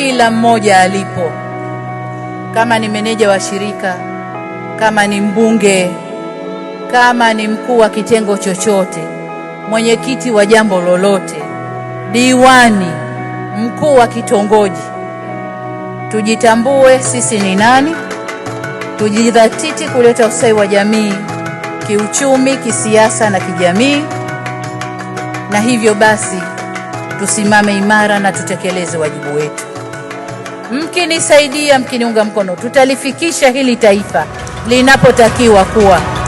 kila mmoja alipo, kama ni meneja wa shirika, kama ni mbunge, kama ni mkuu wa kitengo chochote, mwenyekiti wa jambo lolote, diwani, mkuu wa kitongoji, tujitambue sisi ni nani, tujidhatiti kuleta ustawi wa jamii kiuchumi, kisiasa na kijamii, na hivyo basi tusimame imara na tutekeleze wajibu wetu mkinisaidia, mkiniunga mkono, tutalifikisha hili taifa linapotakiwa kuwa.